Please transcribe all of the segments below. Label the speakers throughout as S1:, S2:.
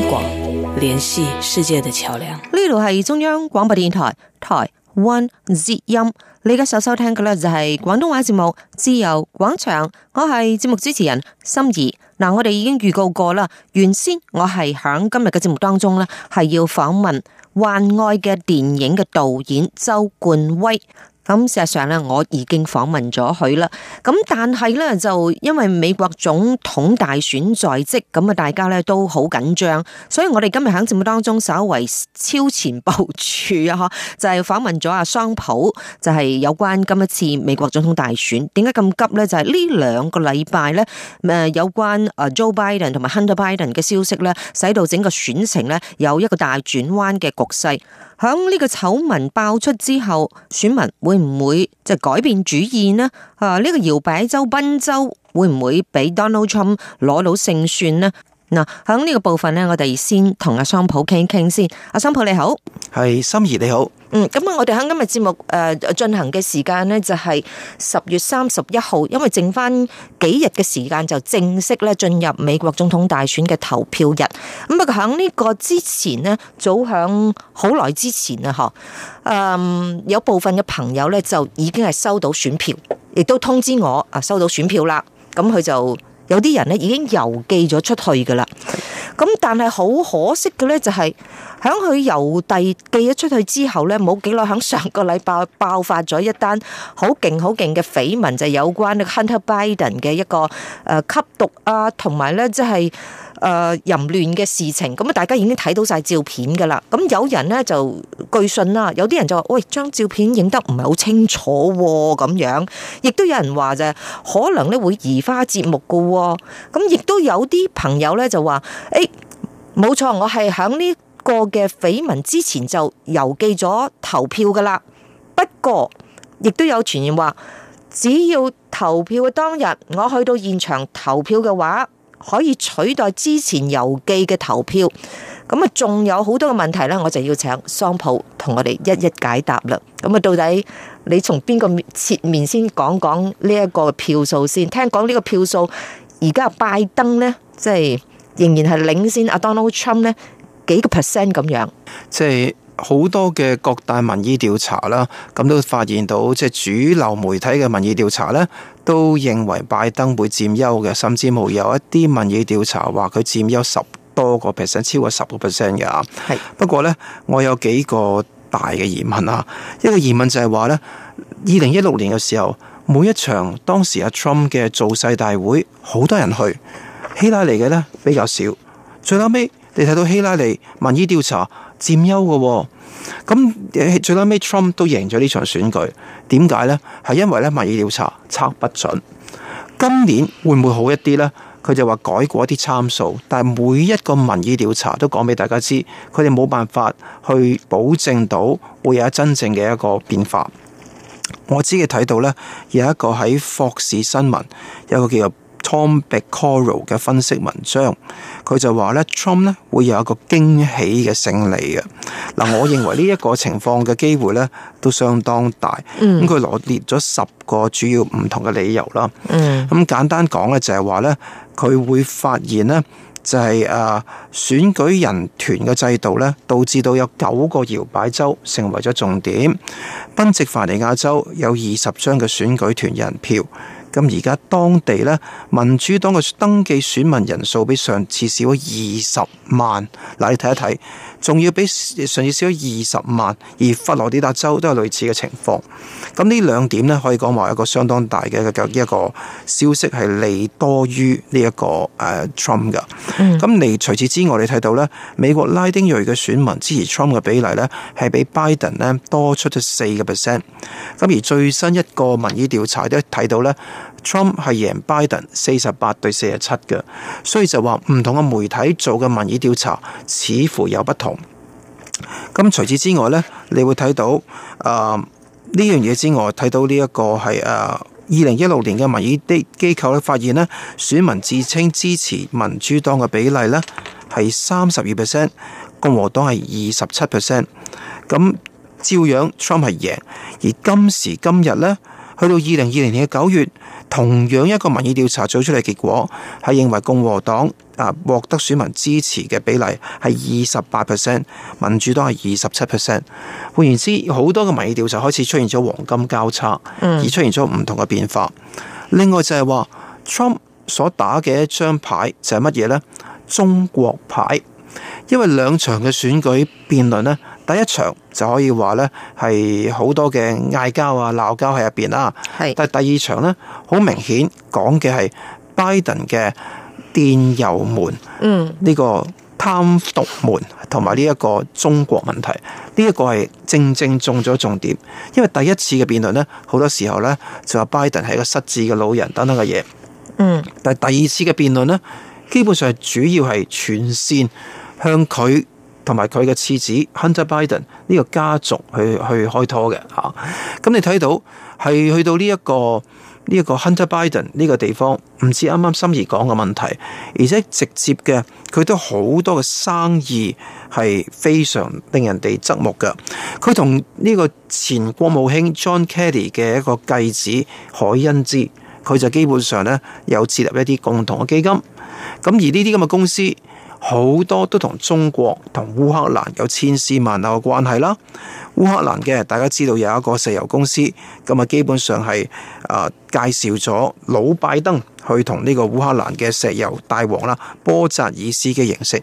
S1: 廣聯繫世界的橋梁呢度係中央廣播電台台灣之音，你而家收收聽嘅咧就係廣東話節目《自由廣場》我是節，我係節目主持人心儀。嗱，我哋已經預告過啦，原先我係響今日嘅節目當中咧，係要訪問幻愛嘅電影嘅導演周冠威。咁事實上咧，我已經訪問咗佢啦。咁但係咧，就因為美國總統大選在即，咁啊大家咧都好緊張，所以我哋今日喺節目當中稍為超前部署啊！嗬，就係訪問咗阿桑普，就係有關今一次美國總統大選點解咁急呢？就係呢兩個禮拜呢，誒有關 Joe Biden 同埋 Hunter Biden 嘅消息呢，使到整個選情呢有一個大轉彎嘅局勢。響呢個醜聞爆出之後，選民會。會唔會就改變主意呢？啊，呢、這個搖擺州賓州會唔會俾 Donald Trump 攞到勝算呢？嗱，喺呢個部分呢，我哋先同阿桑普傾一傾先。阿桑普你好，
S2: 係心儀你好。
S1: 嗯，咁啊，我哋喺今日節目誒進行嘅時間呢，就係十月三十一號，因為剩翻幾日嘅時間就正式咧進入美國總統大選嘅投票日。咁啊，喺呢個之前呢，早響好耐之前啦，嗬，嗯，有部分嘅朋友呢，就已經係收到選票，亦都通知我啊，收到選票啦。咁佢就。有啲人咧已經郵寄咗出去㗎啦，咁但係好可惜嘅咧就係，響佢郵遞寄咗出去之後咧，冇幾耐響上個禮拜爆發咗一單好勁好勁嘅緋聞，就有關 Hunter Biden 嘅一個誒吸毒啊，同埋咧即係。誒淫、呃、亂嘅事情，咁啊大家已經睇到晒照片噶啦。咁有人呢就據信啦，有啲人就話，喂，張照片影得唔係好清楚咁、哦、樣。亦都有人話就係、可能咧會移花接木噶。咁亦都有啲朋友呢，就話，誒、欸、冇錯，我係喺呢個嘅緋聞之前就郵寄咗投票噶啦。不過，亦都有傳言話，只要投票嘅當日，我去到現場投票嘅話，可以取代之前郵寄嘅投票，咁啊仲有好多嘅問題咧，我就要請桑普同我哋一一解答啦。咁啊到底你從邊個切面先講講呢一個票數先？聽講呢個票數，而家拜登咧，即係仍然係領先阿 Donald Trump 咧幾個 percent 咁樣，
S2: 即係。好多嘅各大民意調查啦，咁都發現到即係主流媒體嘅民意調查呢，都認為拜登會佔優嘅，甚至乎有一啲民意調查話佢佔優十多個 percent，超過十個 percent 嘅。的是的 不過呢，我有幾個大嘅疑問啊，一個疑問就係話呢，二零一六年嘅時候，每一場當時阿 Trump 嘅造勢大會，好多人去，希拉里嘅呢比較少。最後尾，你睇到希拉里民意調查。佔優嘅，咁最尾 Trump 都贏咗呢場選舉，點解呢？係因為咧民意調查測不準，今年會唔會好一啲呢？佢就話改過一啲參數，但係每一個民意調查都講俾大家知，佢哋冇辦法去保證到會有真正嘅一個變化。我自己睇到呢，有一個喺霍士新聞，有一個叫做 Tom Backoral 嘅分析文章，佢就話咧 Trump 咧會有一個驚喜嘅勝利嘅。嗱，我認為呢一個情況嘅機會咧都相當大。咁佢羅列咗十個主要唔同嘅理由啦。咁簡單講咧就係話咧，佢會發現咧就係啊選舉人團嘅制度咧導致到有九個搖擺州成為咗重點。賓夕法尼亞州有二十張嘅選舉團人票。咁而家當地呢，民主黨嘅登記選民人數比上次少咗二十萬，嗱，你睇一睇。仲要比上次少咗二十萬，而佛羅里達州都有類似嘅情況。咁呢兩點咧，可以講話一個相當大嘅一個消息係利多於呢一個誒 Trump 嘅。咁嚟、嗯、除此之外，你睇到呢美國拉丁裔嘅選民支持 Trump 嘅比例呢，係比 Biden 咧多出咗四個 percent。咁而最新一個民意調查都睇到呢。Trump 係贏 Biden 四十八對四十七嘅，所以就話唔同嘅媒體做嘅民意調查似乎有不同。咁除此之外呢，你會睇到誒呢樣嘢之外，睇到呢一個係誒二零一六年嘅民意的機構咧，發現咧選民自稱支持民主黨嘅比例呢係三十二 percent，共和黨係二十七 percent，咁照樣 Trump 係贏。而今時今日呢，去到二零二零年嘅九月。同樣一個民意調查做出嚟，結果係認為共和黨啊獲得選民支持嘅比例係二十八 percent，民主黨係二十七 percent。換言之，好多嘅民意調查開始出現咗黃金交叉，而出現咗唔同嘅變化。嗯、另外就係話 Trump 所打嘅一張牌就係乜嘢呢？中國牌，因為兩場嘅選舉辯論呢。第一場就可以話咧係好多嘅嗌交啊、鬧交喺入邊啦。係，但係第二場咧好明顯講嘅係拜登嘅電郵門，嗯，呢個貪瀆門同埋呢一個中國問題，呢一個係正正中咗重點。因為第一次嘅辯論咧，好多時候咧就話拜登係一個失智嘅老人等等嘅嘢。嗯，但係第二次嘅辯論咧，基本上係主要係全線向佢。同埋佢嘅次子 Hunter Biden 呢個家族去去開拖嘅吓，咁、啊、你睇到係去到呢、這、一個呢一、這個 Hunter Biden 呢個地方，唔似啱啱心儀講嘅問題，而且直接嘅佢都好多嘅生意係非常令人哋側目嘅。佢同呢個前國務卿 John Kerry 嘅一個繼子海恩茲，佢就基本上咧有設立一啲共同嘅基金，咁而呢啲咁嘅公司，好多都同中國同烏克蘭有千絲萬縷嘅關係啦。烏克蘭嘅，大家知道有一個石油公司，咁啊基本上係啊介紹咗老拜登去同呢個烏克蘭嘅石油大王啦波扎爾斯嘅形式。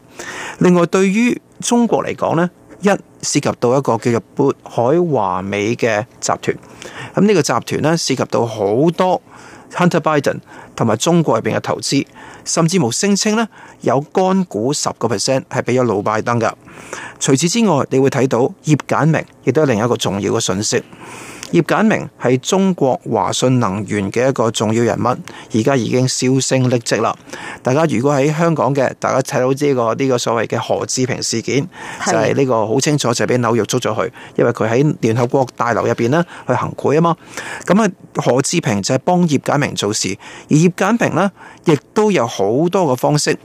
S2: 另外，對於中國嚟講呢，一涉及到一個叫做渤海華美嘅集團，咁呢個集團呢，涉及到好多 Hunter Biden 同埋中國入面嘅投資。甚至冇聲稱咧，有乾股十個 percent 係俾咗老拜登噶。除此之外，你會睇到葉簡明亦都係另一個重要嘅訊息。葉簡明係中國華信能源嘅一個重要人物，而家已經銷聲匿跡啦。大家如果喺香港嘅，大家睇到呢、這個呢、這個所謂嘅何志平事件，是的就係呢個好清楚就係俾紐約捉咗佢，因為佢喺聯合國大樓入邊咧去行賄啊嘛。咁啊，何志平就係幫葉簡明做事，而葉簡明呢，亦都有好多個方式。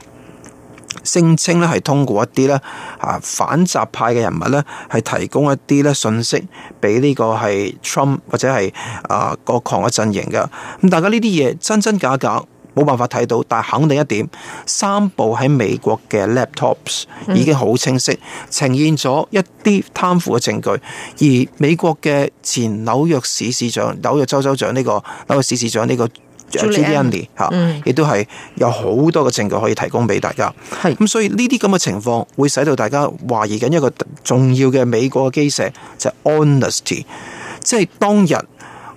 S2: 聲稱咧係通過一啲咧啊反習派嘅人物咧，係提供一啲咧信息俾呢個係 Trump 或者係啊個狂嘅陣營嘅。咁大家呢啲嘢真真假假冇辦法睇到，但係肯定一點，三部喺美國嘅 laptops 已經好清晰呈現咗一啲貪腐嘅證據，而美國嘅前紐約市市長、紐約州州長呢、這個紐約市市長呢、這個。G D Andy 嚇，亦 Julian、嗯、都係有好多嘅證據可以提供俾大家。係咁是，所以呢啲咁嘅情況會使到大家懷疑緊一個重要嘅美國嘅基石，就係、是、honesty。即係當日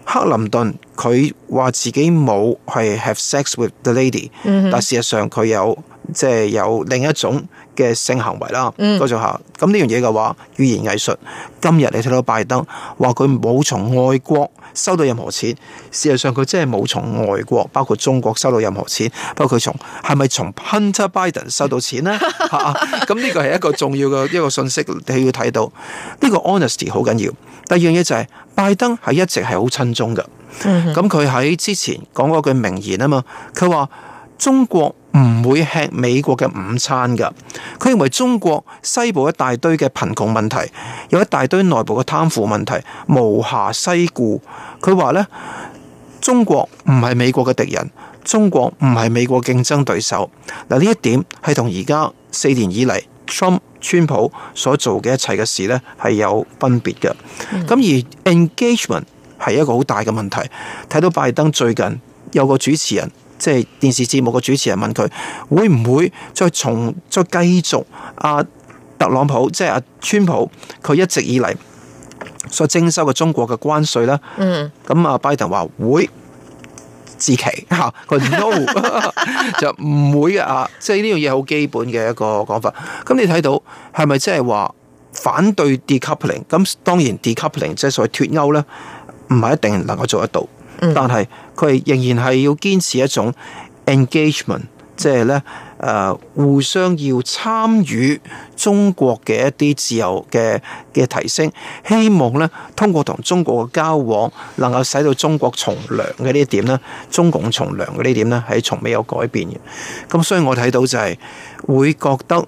S2: 克林頓佢話自己冇係 have sex with the lady，、嗯、哼但事實上佢有，即、就、係、是、有另一種。嘅性行為啦，多謝下。咁呢樣嘢嘅話，語言藝術。今日你睇到拜登話佢冇從外國收到任何錢，事實上佢真係冇從外國，包括中國收到任何錢。不過佢從係咪從 Hunter Biden 收到錢呢？咁呢、 啊、個係一個重要嘅一個信息，你要睇到呢、呢個 honesty 好緊要。第二樣嘢就係、是、拜登係一直係好親中嘅。咁佢喺之前講嗰句名言啊嘛，佢話中國，唔會吃美國嘅午餐噶，佢認為中國西部一大堆嘅貧窮問題，有一大堆內部嘅貪腐問題，無暇西顧。佢話咧，中國唔係美國嘅敵人，中國唔係美國競爭對手。嗱，呢一點係同而家四年以嚟 Trump 川普所做嘅一切嘅事咧係有分別嘅。咁而 engagement 係一個好大嘅問題，睇到拜登最近有個主持人。即係電視節目個主持人問佢會唔會再從再繼續阿、啊、特朗普即係阿川普佢一直以嚟所徵收嘅中國嘅關稅咧？嗯，咁阿拜登話會至期吓，佢 no 就唔會啊！即係呢樣嘢好基本嘅一個講法。咁你睇到係咪即係話反對 decoupling？咁當然 decoupling 即係所謂脫歐咧，唔係一定能夠做得到。但係佢仍然係要堅持一種 engagement，即係咧誒互相要參與中國嘅一啲自由嘅嘅提升，希望咧通過同中國嘅交往能夠使到中國從良嘅呢一點咧，中共從良嘅呢點咧係從未有改變嘅。咁所以我睇到就係會覺得，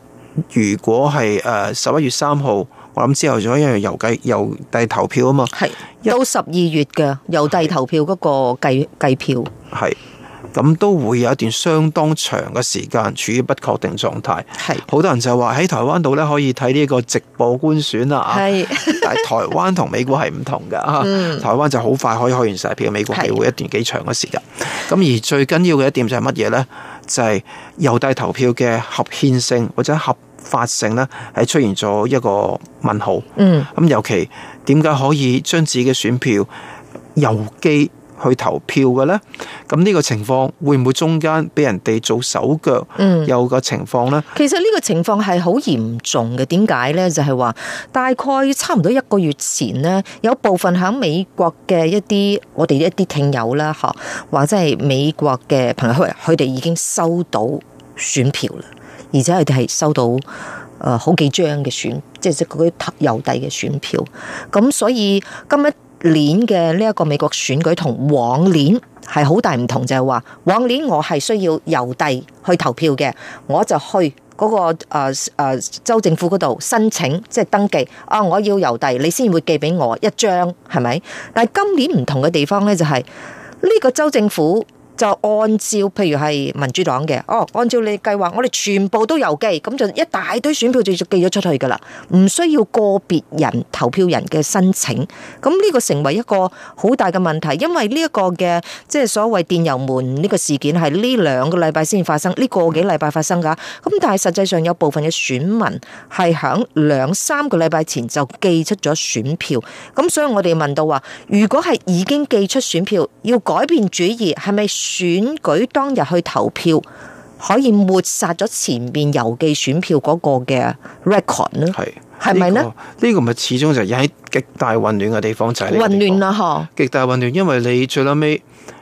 S2: 如果係誒十一月三號。我諗之後咗因為又計郵遞投票啊嘛，係到十二月嘅郵遞投票嗰個計計是票，係咁都會有一段相當長嘅時間處於不確定狀態。係好是多人就話喺台灣度咧可以睇呢個直播官選啦，係是、啊、但係台灣同美國係唔同噶。 嗯、台灣就好快可以開完晒票，美國係會一段幾長嘅時間。咁是而最緊要嘅一點就係乜嘢咧？就係郵遞投票嘅合憲性或者合。法性咧，係出現咗一個問號。嗯，咁尤其點解可以將自己嘅選票郵寄去投票嘅咧？咁呢個情況會唔會中間俾人哋做手腳？嗯，有個情況咧、嗯。
S1: 其實呢個情況係好嚴重嘅。點解咧？就係、是、話大概差唔多一個月前咧，有部分喺美國嘅一啲我哋一啲聽友啦，嚇，或者係美國嘅朋友佢哋已經收到選票啦。而且佢哋係收到誒、呃、好幾張嘅選，即係嗰啲郵遞嘅選票。咁所以今一年嘅呢一個美國選舉同往年係好大唔同，就係、係、話往年我係需要郵遞去投票嘅，我就去嗰、嗰個誒、啊啊、州政府嗰度申請，即、就、係、係、登記。啊，我要郵遞，你先會寄俾我一張，係咪？但係今年唔同嘅地方咧，就係、係、呢個州政府。就按照譬如係民主黨嘅，哦，按照你計劃，我哋全部都郵寄，咁就一大堆選票就寄咗出去噶啦，唔需要個別人投票人嘅申請。咁呢個成為一個好大嘅問題，因為呢一個嘅即係所謂電郵門呢個事件係呢兩個禮拜先發生，呢個幾禮拜發生噶。咁但係實際上有部分嘅選民係響兩三個禮拜前就寄出咗選票，咁所以我哋問到話，如果係已經寄出選票，要改變主意，係咪？選舉當日去投票，可以抹殺咗前面郵寄選票嗰個嘅 record 咯是，係咪呢？呢、這個
S2: 咪、這個、始終就引起極大混亂嘅地方就係、是、混亂啦，嗬！極大混亂，因為你最拉尾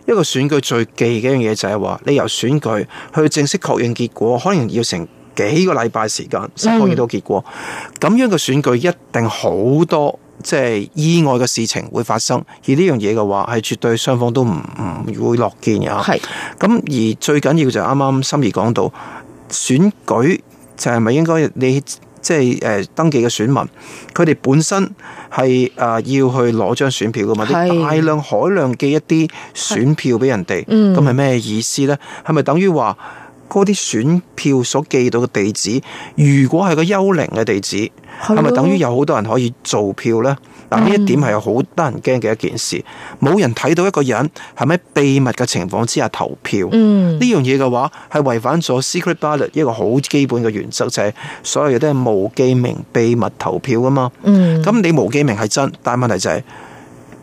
S2: 一個選舉最忌嘅一樣嘢就係話，你由選舉去正式確認結果，可能要成幾個禮拜時間先可以到結果。咁、嗯、樣嘅選舉一定好多。即係意外嘅事情會發生，而呢樣嘢嘅話係絕對雙方都唔唔會樂見嘅。係咁是而最緊要就係啱啱心怡講到選舉就係咪應該你即係誒登記嘅選民，佢哋本身係誒要去攞張選票噶嘛？大是量海量嘅一啲選票俾人哋，咁係咩意思咧？係咪等於話？嗰啲選票所寄到嘅地址，如果係個幽靈嘅地址，係咪等於有好多人可以做票呢？嗱的，呢一點係好得人驚嘅一件事。冇、嗯、人睇到一個人係咪秘密嘅情況之下投票。呢、嗯、樣嘢嘅話係違反咗 secret ballot 一個好基本嘅原則，就係、是、所有嘢都係無記名秘密投票㗎嘛。咁、嗯、你無記名係真，但問題就係、是、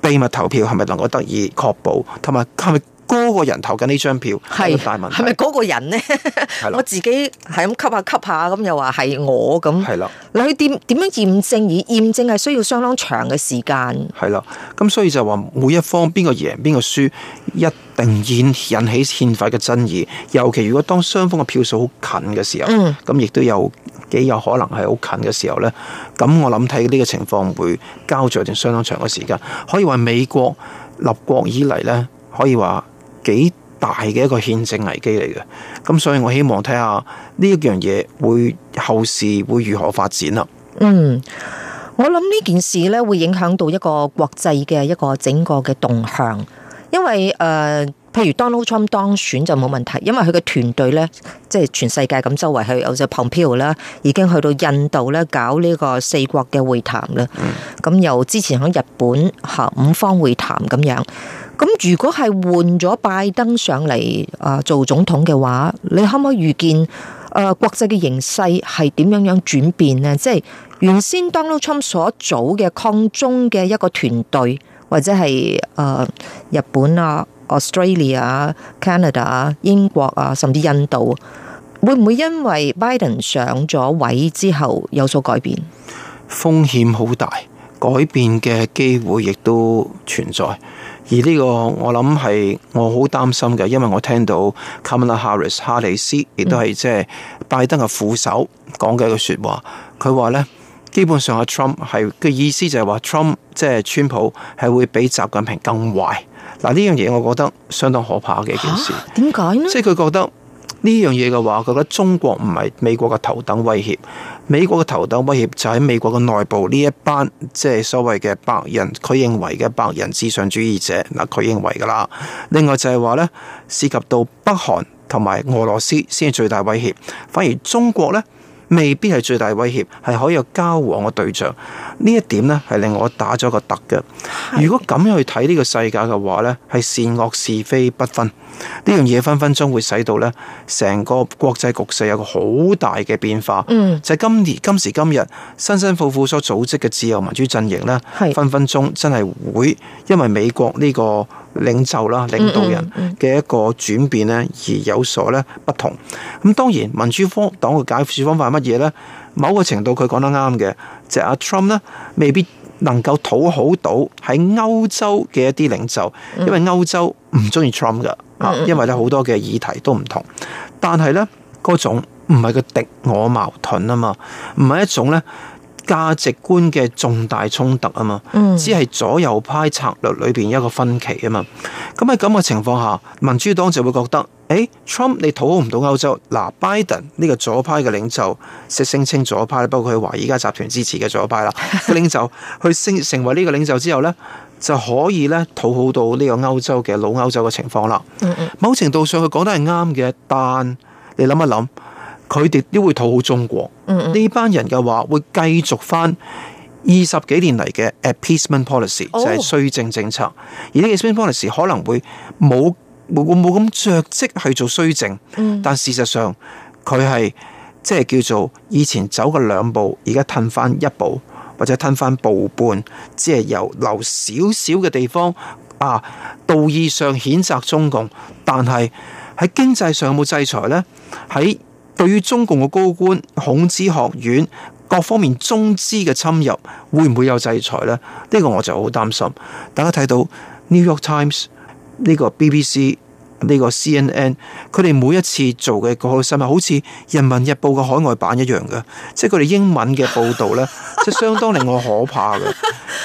S2: 秘密投票係咪能夠得以確保，同埋係咪？是高嗰個人投緊呢張票，係是大問，係咪嗰個人呢，是的 我自
S1: 己係咁吸下吸下，咁又話係我咁，係啦。你去點點樣驗證？而驗證係需要相當
S2: 長嘅時間。係啦，咁所以就話每一方邊個贏邊個輸，一定引引起憲法嘅爭議。尤其如果當雙方嘅票數好近嘅時候，咁亦、嗯、都有幾有可能係好近嘅時候呢。咁我諗睇呢個情況會膠著一段相當長嘅時間。可以話美國立國以嚟呢，可以話。幾大嘅一個憲政危機嚟嘅，咁所以我希望睇下呢一樣嘢會後事會如何發展啦、啊。嗯，
S1: 我諗呢件事咧會影響到一個國際嘅一個整個嘅動向，因為誒。呃譬如 Donald Trump 當選，就冇問題，因為佢嘅團隊咧，即係全世界咁周圍去有隻蓬佩奧啦，已經去到印度咧搞呢個四國嘅會談啦。咁又、嗯、之前喺日本嚇五方會談咁樣，咁如果係換咗拜登上嚟，啊、呃、做總統嘅話，你可唔可以預見誒、呃、國際嘅形勢係點樣樣轉變呢？即係、就是、原先 Donald Trump 所組嘅抗中嘅一個團隊，或者係誒、呃、日本啊？Australia、Canada、英國啊，甚至印度，會唔會因為 Biden 上咗位之後有所改變？
S2: 風險好大，改變嘅機會亦都存在。而呢個我諗係我好擔心嘅，因為我聽到 Kamala Harris 哈里斯亦都係即係拜登嘅副手講嘅一個説話，佢話呢，基本上阿 Trump 係嘅意思就係話 Trump 即係川普係會比習近平更壞。嗱，呢樣嘢，我覺得相當可怕嘅一件事，啊。點解呢？即係佢覺得呢樣嘢嘅話，覺得中國唔係美國嘅頭等威脅，美國嘅頭等威脅就喺美國嘅內部呢一班即係所謂嘅白人，佢認為嘅白人至上主義者。嗱，佢認為噶啦，另外就係話咧，涉及到北韓同埋俄羅斯先係最大威脅，反而中國咧。未必係最大威脅，係可以有交往嘅對象。呢一點呢，係令我打咗個突嘅。是如果咁樣去睇呢個世界嘅話呢，係善惡是非不分呢樣嘢，嗯、分分鐘會使到呢成個國際局勢有個好大嘅變化。嗯，就係今年今時今日，辛辛苦苦所組織嘅自由民主陣營呢，是分分鐘真係會因為美國呢、這個。領袖啦，領導人嘅一個轉變咧，而有所咧不同。咁當然，民主方黨嘅解釋方法係乜嘢咧？某個程度佢講得啱嘅，就係阿 Trump 咧未必能夠討好到喺歐洲嘅一啲領袖，因為歐洲唔中意 Trump 噶，啊，因為咧好多嘅議題都唔同。但係咧，嗰種唔係個敵我矛盾啊嘛，唔係一種咧。價值觀嘅重大衝突啊嘛，只係左右派策略裏面一個分歧啊嘛。咁喺咁嘅情況下，民主黨就會覺得，誒、欸、Trump 你討好唔到歐洲，嗱 Biden 呢個左派嘅領袖，聲聲稱左派，包括佢華爾街集團支持嘅左派啦領領袖，去成 成為呢個領袖之後呢，就可以咧討好到呢個歐洲嘅老歐洲嘅情況啦。某程度上佢講得係啱嘅，但你諗一諗。佢哋都會討好中國。呢、嗯嗯、班人嘅話，會繼續翻二十幾年嚟嘅 appeasement policy，就係綏靖政策。而呢個 appeasement policy 可能會冇冇咁著跡去做綏靖。嗯、但事實上，佢係即係叫做以前走嘅兩步，而家褪翻一步，或者褪翻步半，即係由留少少嘅地方啊，道義上譴責中共，但係喺經濟上有冇制裁呢？喺。對於中共嘅高官、孔子學院各方面中資嘅侵入，會唔會有制裁呢？呢、呢個我就好擔心。大家睇到 New York Times 呢個 BBC。呢個 CNN，佢哋每一次做嘅個個新聞，好似《人民日報》嘅海外版一樣嘅，即係佢哋英文嘅報道咧，即 相當令我可怕嘅。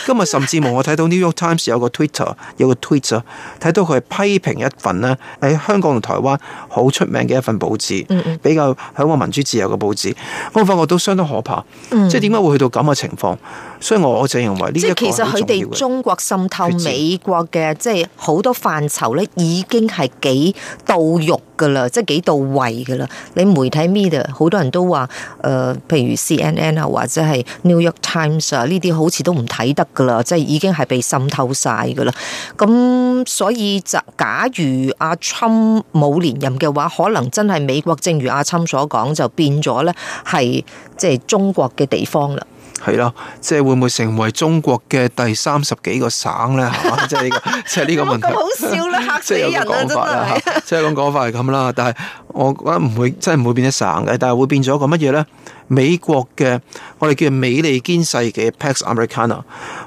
S2: 今日甚至乎我睇到 New York Times 有個 Twitter，有個 Twitter 睇到佢係批評一份咧喺香港同台灣好出名嘅一份報紙，比較香港民主自由嘅報紙，嗯嗯我發覺都相當可怕。嗯嗯即係點解會去到咁嘅情況？所以我我就認為呢一個好重要嘅。即係其實佢哋中
S1: 國滲透美國嘅，即係好多範疇咧，已經係。幾到肉嘅啦，即係幾到位嘅啦。你媒體 media 好多人都話，誒、呃，譬如 CNN 啊，或者係 New York Times 啊，呢啲好似都唔睇得嘅啦，即係已經係被滲透晒嘅啦。咁所以就假如阿侵冇連任嘅話，可能真係美國，正如阿侵所講，就變咗咧，係即係中國嘅地方啦。
S2: 係咯，即係會唔會成為中國嘅第三十幾個省咧？係即係呢、呢個， 即係呢個問題。好
S1: 笑啦，嚇死人啦，真係。
S2: 即係咁講法係咁啦，但係我覺得唔會，真係唔會變咗省嘅，但係會變咗一個乜嘢咧？美國嘅我哋叫美利堅世嘅 Pax Americana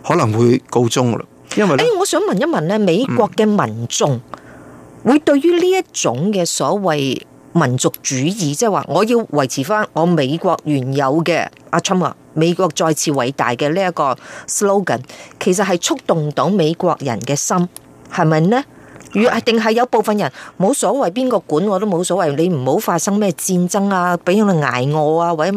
S2: 可能會告終啦，因為咧、哎。
S1: 我想問一問咧，美國嘅民眾會對於呢一種嘅所謂？民族主義即係話，就是、說我要維持翻我美國原有嘅阿 Trump 啊，美國再次偉大嘅呢一個 slogan，其實係觸動到美國人嘅心，係咪呢？定係有部分人冇所謂，邊個管我都冇所謂。你唔好發生咩戰爭啊，俾佢哋挨餓啊，或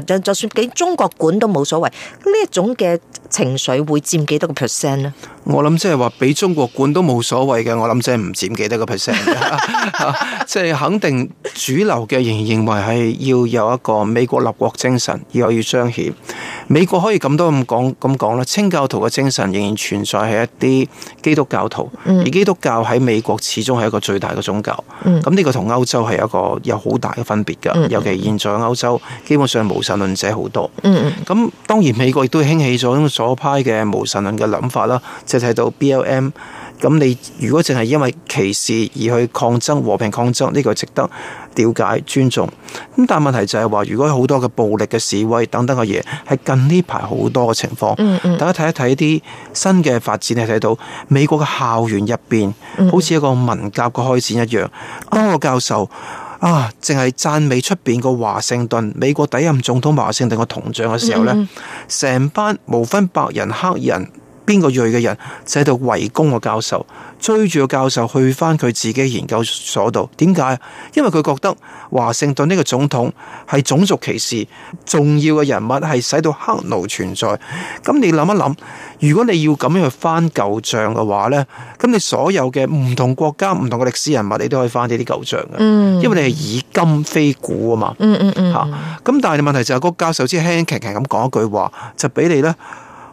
S1: 者就算俾中國管都冇所謂。呢一種嘅
S2: 情緒會佔幾多個 percent 呢？我諗即係話俾中國管都冇所謂嘅，我諗即係唔佔幾多個 percent 嘅，即係、 啊就是、肯定主流嘅仍然認為係要有一個美國立國精神，要可要彰顯美國可以咁多咁講咁講啦。清教徒嘅精神仍然存在喺一啲基督教徒，而基督教喺美國始終係一個最大嘅宗教。咁呢個同歐洲係一個有好大嘅分別噶，尤其現在歐洲基本上無神論者好多。咁當然美國亦都興起咗所派嘅無神論嘅諗法啦。就睇到 B L M，咁你如果淨係因為歧視而去抗爭、和平抗爭，呢、呢個值得了解、尊重。咁但問題就係話，如果好多嘅暴力嘅示威等等嘅嘢，係近呢排好多嘅情況。大家睇一睇啲新嘅發展，你睇到美國嘅校園入邊，好似一個文革嘅開展一樣。當個、嗯嗯啊、教授啊，淨係讚美出邊個華盛頓、美國第一任總統華盛頓個銅像嘅時候咧，成、嗯嗯、班無分白人黑人。邊個裔嘅人就喺度圍攻個教授，追住個教授去翻佢自己研究所度。點解？因為佢覺得華盛頓呢個總統係種族歧視，重要嘅人物係使到黑奴存在。咁你諗一諗，如果你要咁樣去翻舊賬嘅話呢，咁你所有嘅唔同國家、唔同嘅歷史人物，你都可以翻呢啲舊賬嘅。嗯，因為你係以今非古啊嘛。嗯嗯嗯。吓，咁但係問題就係，個教授先輕輕咁講一句話，就俾你呢。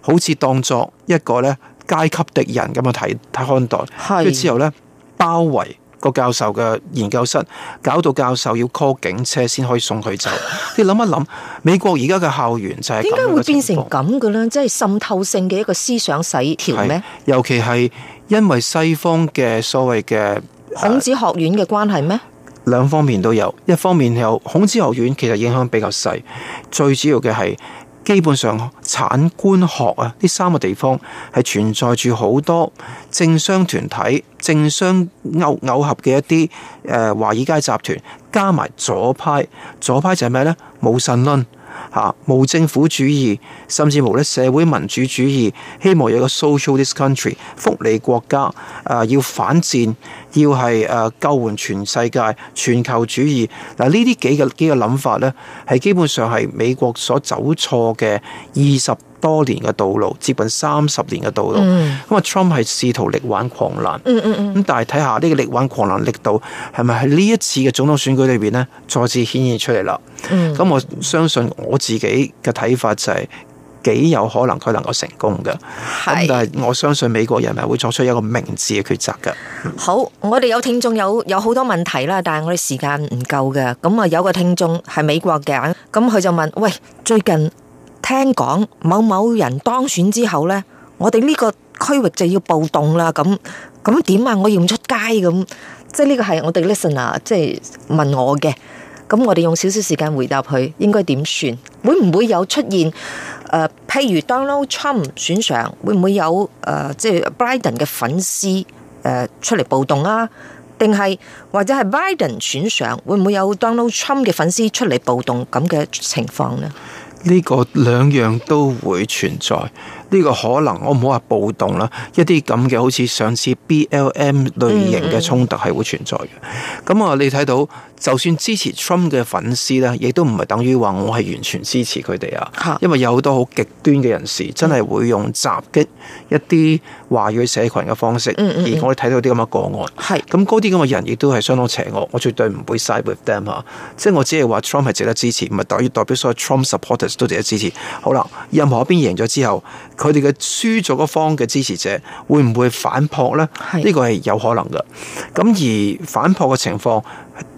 S2: 好似當作一個咧階級敵人咁嘅睇睇看待，跟住是之後咧包圍個教授嘅研究室，搞到教授要 call 警車先可以送佢走。 你諗一諗，美國而家嘅校園就係點解會變成咁嘅咧？即係滲透性嘅一個思想洗條咩？尤其係因為西方嘅所謂嘅
S1: 孔子學院嘅關係咩？
S2: 啊、兩方面都有，一方面有孔子學院其實影響比較細，最主要嘅係。基本上，產官學啊，呢三個地方係存在住好多政商團體、政商勾勾合嘅一啲誒華爾街集團，加埋左派，左派就係咩呢？冇神論嚇，無政府主義，甚至乎咧社會民主主義，希望有個 socialist country，福利國家，誒要反戰。要係誒救援全世界全球主義嗱，呢啲幾個幾個諗法咧，係基本上係美國所走錯嘅二十多年嘅道路，接近三十年嘅道路。咁啊，Trump 係試圖力挽狂瀾。咁、嗯嗯嗯、但係睇下呢個力挽狂瀾力度係咪喺呢一次嘅總統選舉裏邊咧，再次顯現出嚟啦？咁我相信我自己嘅睇法就係、是。幾有可能佢能夠成功嘅。咁是但係我相信美國人係會作出一個明智嘅抉擇嘅。好，
S1: 我哋有聽眾有有好多問題啦，但係我哋時間唔夠嘅，咁啊有個聽眾係美國嘅，咁佢就問：喂，最近聽講某某人當選之後呢，我哋呢個區域就要暴動啦，咁咁點啊？我要唔出街咁？即係呢個係我哋 listener 即係問我嘅。咁我哋用少少時間回答佢，應該點算？會唔會有出現？誒、呃，譬如 Donald Trump 選上，會唔會有誒，即係 Biden 嘅粉絲誒、呃、出嚟暴動啊？定係或者係 Biden 選上，會唔會有 Donald Trump 嘅粉絲出
S2: 嚟暴動咁嘅情況呢？呢個兩樣都會存在。呢個可能我唔好話暴動啦，一啲咁嘅好似上次 B L M 類型嘅衝突係會存在嘅。咁啊、嗯嗯，你睇到就算支持 Trump 嘅粉絲咧，亦都唔係等於話我係完全支持佢哋啊。是因為有好多好極端嘅人士，真係會用襲擊一啲華裔社群嘅方式。嗯嗯嗯，而我哋睇到啲咁嘅個案，係咁，嗰啲咁嘅人亦都係相當邪惡。我絕對唔會 side with them 啊，即係我只係話 Trump 係值得支持，唔係代代表所有 Trump supporters 都值得支持。好啦，任何一邊贏咗之後。佢哋嘅輸咗嗰方嘅支持者會唔會反撲咧？呢個係有可能嘅。咁那而反撲嘅情況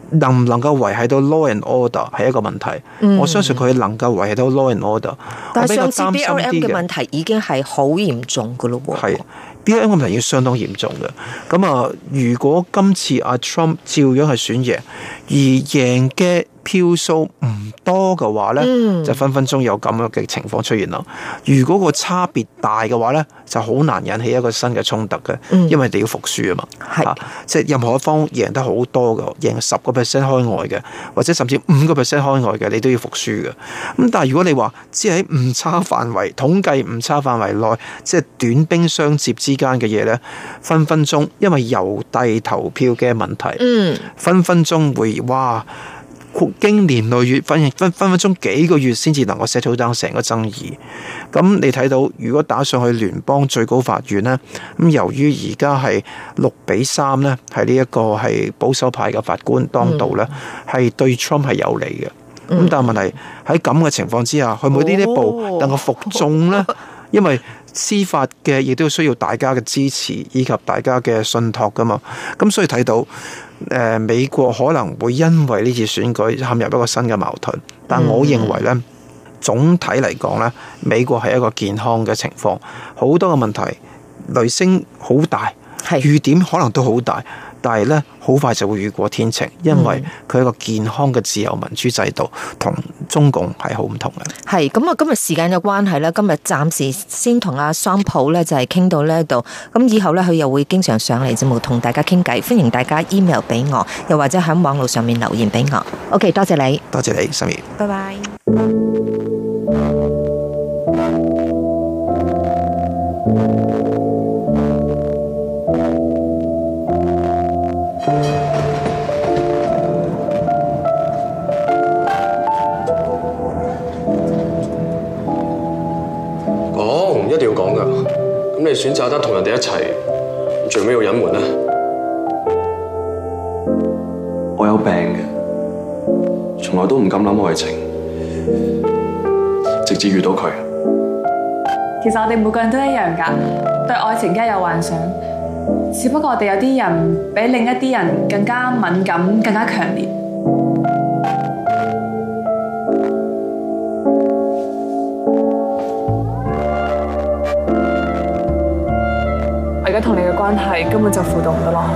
S2: 能唔能夠維係到 law and order，係一個問題。嗯、我相信佢能夠維係到 law and order。但係上次 B L M 嘅問題已經係好嚴重㗎咯喎。係，B L M 問題要相當嚴重嘅。咁啊，如果今次阿 Trump 照樣係選贏，而贏嘅。票數唔多嘅話咧，就分分鐘有咁樣嘅情況出現咯。嗯、如果個差別大嘅話咧，就好難引起一個新嘅衝突嘅，嗯、因為你要服輸啊嘛。係即係任何一方贏得好多嘅，贏十個 percent 開外嘅，或者甚至五個 percent 開外嘅，你都要服輸嘅。咁但係如果你話只係喺誤差範圍，統計誤差範圍內，即係短兵相接之間嘅嘢咧，分分鐘因為郵遞投票嘅問題，嗯，分分鐘會哇。經年累月分，分分分分鐘幾個月先至能夠 settle 成個爭議。咁，你睇到，如果打上去聯邦最高法院由現在是6比3呢，咁由於而家係六比三呢，係呢一個係保守派嘅法官當道呢係、嗯、對 Trump 係有利嘅。咁、嗯、但係問題喺咁嘅情況之下，佢冇呢啲步能夠服眾呢？因為司法嘅亦都需要大家嘅支持以及大家嘅信託㗎嘛，咁所以睇到美國可能會因為呢次選舉陷入一個新嘅矛盾，但我認為呢，總體嚟講呢，美國係一個健康嘅情況，好多嘅問題雷聲好大，雨點可能都好大。但係咧，好快就會雨過天晴，因為佢一個健康嘅自由民主制度，同中共係好唔同嘅。
S1: 係咁啊，今日時間嘅關係咧，今日暫時先同阿桑普咧就係傾到呢度。咁以後咧，佢又會經常上嚟節目，同大家傾偈。歡迎大家 email 俾我，又或者喺網絡上面留言俾我。OK，多謝你，多謝你
S2: 心 a 拜拜。
S3: 你選擇得同人哋一齊，最尾要隱瞞吖。我有病嘅，從來都唔敢諗愛情，直至遇到佢。其實我哋每個人都一樣㗎，對愛情梗係有幻想，只不過我哋有啲人比另一啲人更加敏感，更加強烈。關係根本就互動唔到落
S1: 去，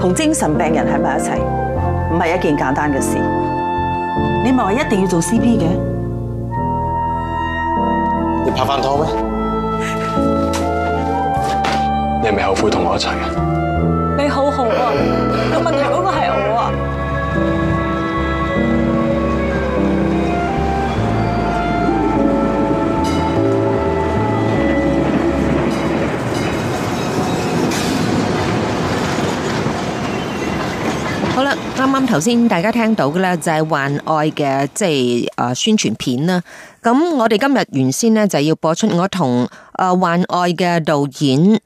S1: 同精神病人喺埋一齊，唔係一件簡單嘅事。你咪話一定要做 CP 嘅，
S2: 你拍翻拖咩？ 你係咪後悔同我一齊？
S3: 你好紅啊！
S1: 啱啱頭先大家聽到嘅，咧就係幻愛嘅即係誒宣傳片啦，咁我哋今日原先咧就要播出我同誒幻愛嘅導演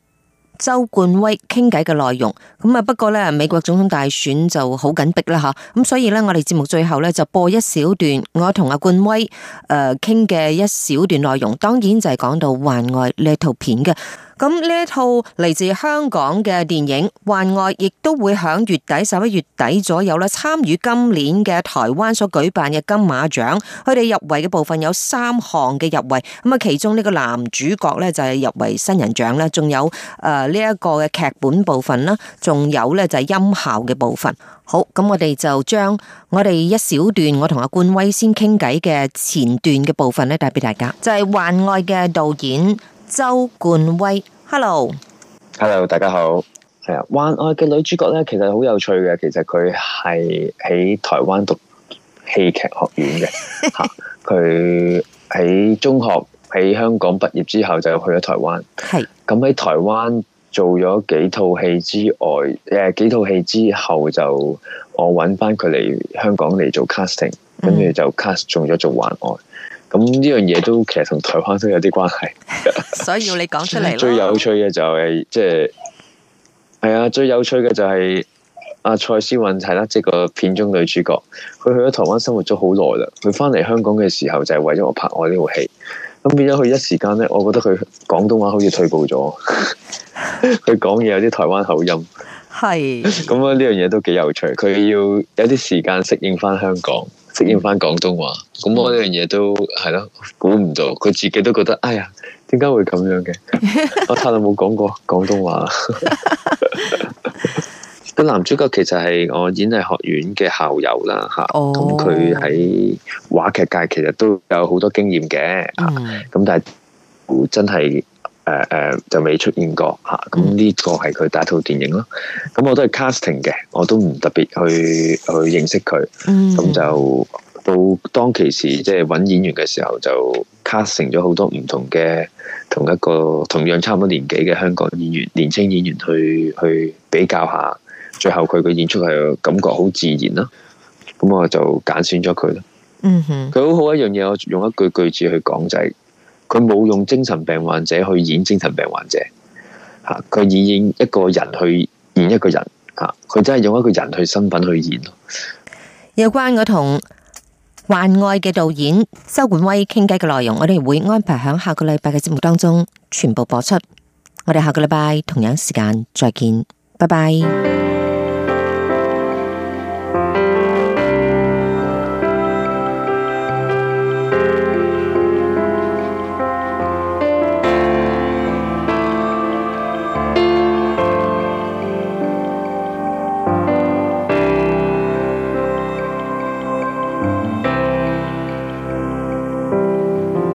S1: 周冠威傾偈嘅內容，咁啊不過咧美國總統大選就好緊迫啦吓，咁所以咧我哋節目最後咧就播一小段我同阿冠威誒傾嘅一小段內容，當然就係講到幻愛呢套片嘅。咁呢一套嚟自香港嘅電影《幻愛》亦都會響月底十一月底左右咧參與今年嘅台灣所舉辦嘅金馬獎。佢哋入圍嘅部分有三項嘅入圍，咁啊其中呢個男主角咧就係入圍新人獎啦，仲有誒呢一個嘅劇本部分啦，仲有咧就係音效嘅部分。好，咁我哋就將我哋一小段我同阿冠威先傾偈嘅前段嘅部分咧帶俾大家，就係、是《幻愛》嘅導演周冠威。hello，hello，Hello，
S3: 大家好，係啊，幻愛嘅女主角咧，其實好有趣嘅，其實佢係喺台灣讀戲劇學院嘅，吓，佢喺中學喺香港畢業之後就去咗台灣，係是，咁喺台灣做咗幾套戲之外，誒，幾套戲之後就我搵返佢嚟香港嚟做 casting，跟住，嗯，就 cast 中咗做幻愛。咁呢樣嘢都其實同台灣都有啲關係，
S1: 所以要你講出嚟咯。最
S3: 有趣嘅就係即係係啊，最有趣嘅就係、是、阿、啊、蔡思韻係啦，即係、啊就是、個片中女主角。佢去咗台灣生活咗好耐啦，佢翻嚟香港嘅時候就係為咗我拍我呢部戲。咁變咗，佢一時間咧，我覺得佢廣東話好似退步咗，佢講嘢有啲台灣口音。係咁啊，呢樣嘢都幾有趣。佢要有啲時間適應翻香港。適應翻廣東話，咁我呢樣嘢都係咯，估唔到佢自己都覺得，哎呀， 點解會咁樣嘅？我太耐冇講過廣東話。個 男主角其實係我演藝學院嘅校友啦，吓，
S1: 咁佢喺
S3: 話劇界其實都有好多經驗嘅，
S1: 咁、
S3: mm. 但係真係。誒誒、uh, uh, 就未出現過嚇，咁、啊、呢個係佢第一套電影咯。咁、mm. 我都係 casting 嘅，我都唔特別去去認識佢。咁、mm. 就到當其時即係揾演員嘅時候，就 casting 咗好多唔同嘅同一個同樣差唔多年紀嘅香港演員、年輕演員去去比較一下，最後佢嘅演出係感覺好自然咯。咁我就揀選咗佢咯。佢好、mm hmm. 好一樣嘢，我用一句句子去講就係、是。佢冇用精神病患者去演精神病患者，佢演演一個人去演一個人，佢真係用一個人去身份去演。
S1: 有關我同幻愛嘅導演周冠威傾偈嘅內容，我哋會安排響下個禮拜嘅節目當中全部播出。我哋下個禮拜同樣時間再見，拜拜。